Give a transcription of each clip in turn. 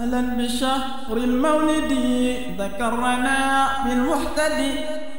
أهلا بشهر المولد ذكرنا بالمحتدي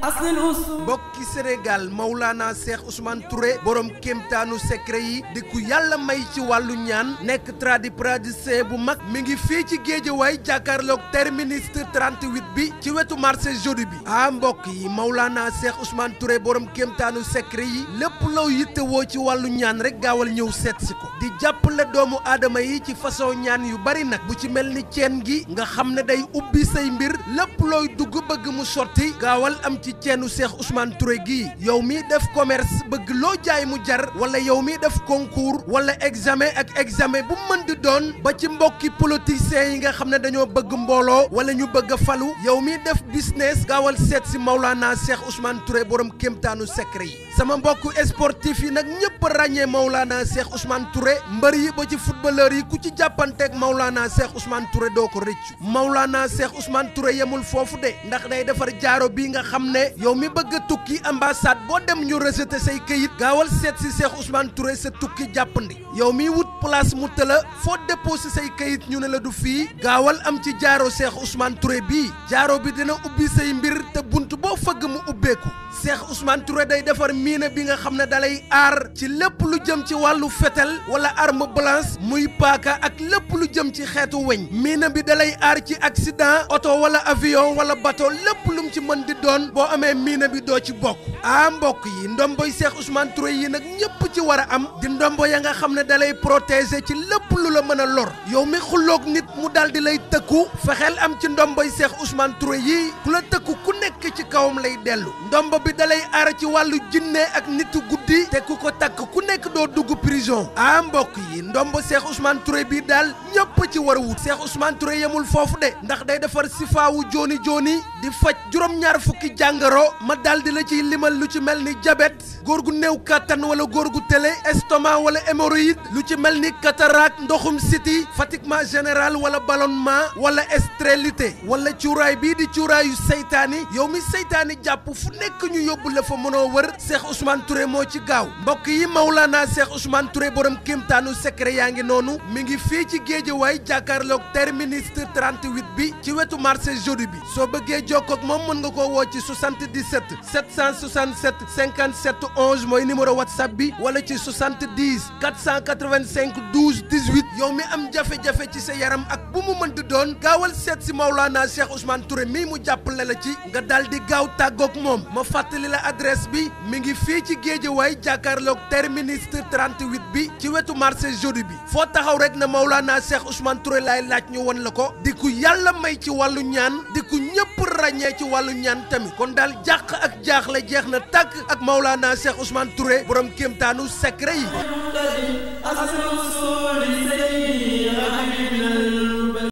aslil usul mbokki Sénégal Maulana Cheikh Ousmane Touré borom kemtaanu secret yi di ku yàlla may ci wàllu ñaan nekk tradipraticien bu mag mi ngi fii ci Géejawaay jàkkaarloog terminus 38 bi ci wetu marché jeudi bi ah mbokk yi Maulana Cheikh Ousmane Touré borom kéemtaanu secret yi lépp loo yittewoo ci wàllu ñaan rek gaawal ñëw seet si ko di jàppale doomu aadama yi ci façon ñaan yu bari nag bu ci mel ni ceen gi nga xam ne day ubbi say mbir lépp looy dugg bëgg ci ceenu Cheikh Ousmane Touré gii yow mii def commerce bëgg loo jaay mu jar wala yow mii def concours wala examen ak examen bu mën di doon ba ci mbokki politiciens yi nga xam ne dañoo bëgg mbooloo wala ñu bëgg falu yow mii def business gaawal seet si Maulana Cheikh Ousmane Touré borom kéemtaanu secret yi sama mbokk sportif yi nag ñëpp ràññee Maulana Cheikh Ousmane Touré mbër yi ba ci footballeur yi ku ci jàppanteeg Maulana Cheikh Ousmane Touré doo ko rëccu Maulana Cheikh Ousmane Touré yemul foofu de waaye yow mi bëgg a tukki ambassade boo dem ñu rejeté say këyit gaawal seet si Cheikh Ousmane Touré sa tukki jàpp jàppandi yow mi wut place mu tëla foo déposé say këyit ñu ne la du fii gaawal am ci jaaro Cheikh Ousmane Touré bii jaaro bi dina ubbi say mbir te bunt boo fëgg mu ubbeeku Cheikh Ousmane Touré day defar miina bi nga xam ne dalay aar ci lépp lu jëm ci wàllu fetel wala arme blanche muy paaka ak lépp lu jëm ci xeetu weñ miina bi dalay aar ci accident oto wala avion wala bateau lépp lu mu ci mën di doon boo amee miina bi doo ci bokk ah mbokk yi ndomboy Cheikh Ousmane Touré yi nag ñëpp ci war a am di ndombo ya nga xam ne dalay protéger ci lépp lu la mën a lor yow mi xulloog nit mu dal di lay tëkku fexeel am ci ndomboy Cheikh Ousmane yi ku la ku nekk ci kawam lay dellu bi dalay aar ci wàllu jinne ak nitu gudd guddi te ku ko takk ku nekk doo dugg prison a mbokk yi ndomb Cheikh Ousmane Touré bii daal ñëpp ci war a wut Cheikh Ousmane yemul foofu de ndax day defar sifaawu jooni jooni di faj juróom-ñaar fukki jàngaro ma daal di la ciy limal lu ci mel ni jabet góor gu néew kattan wala góor gu tele estomac wala hémorroïde lu ci mel ni cataracte ndoxum siti fatiguement général wala ballonnement wala stérilité wala cuuraay bii di cuuraayu seytaani yow mi seytaani jàpp fu nekk ñu yóbbu la fa mënoo wër Cheikh ci gaaw mbokk yi naa Cheikh Ousmane Touré borom kéemtaanu secret yaa ngi noonu mu ngi fii ci géej Géejawaay jàkkaarloog terminus 38 bi ci wetu marché jeudi bi soo bëggee jokkoo ak moom mën nga koo woo ci 77 767 57 11 mooy numéro whatsapp bi wala ci 70 485 12 18 yow mi am jafe-jafe ci sa yaram ak bu mu mën mënti doon gaawal seet si Maulana Cheikh Ousmane Touré mii mu jàppale la ci nga daal di gaaw tàggoog moom ma fàttali la adresse bi mi ngi fii ci Géejawaay jàkkaarloog terminus 38 bi ci wetu marché jeudi bi foo taxaw rek na Maulana Cheikh Ousmane Touré laay laaj ñu won la ko di ku yàlla may ci wàllu ñaan di ku ñëpp. ràññee ci wàllu ñaan tamit kon daal jàq ak jaaxle jeex na tàkk ak Maulana Cheikh Ousmane Touré borom kéemtaanu secret yi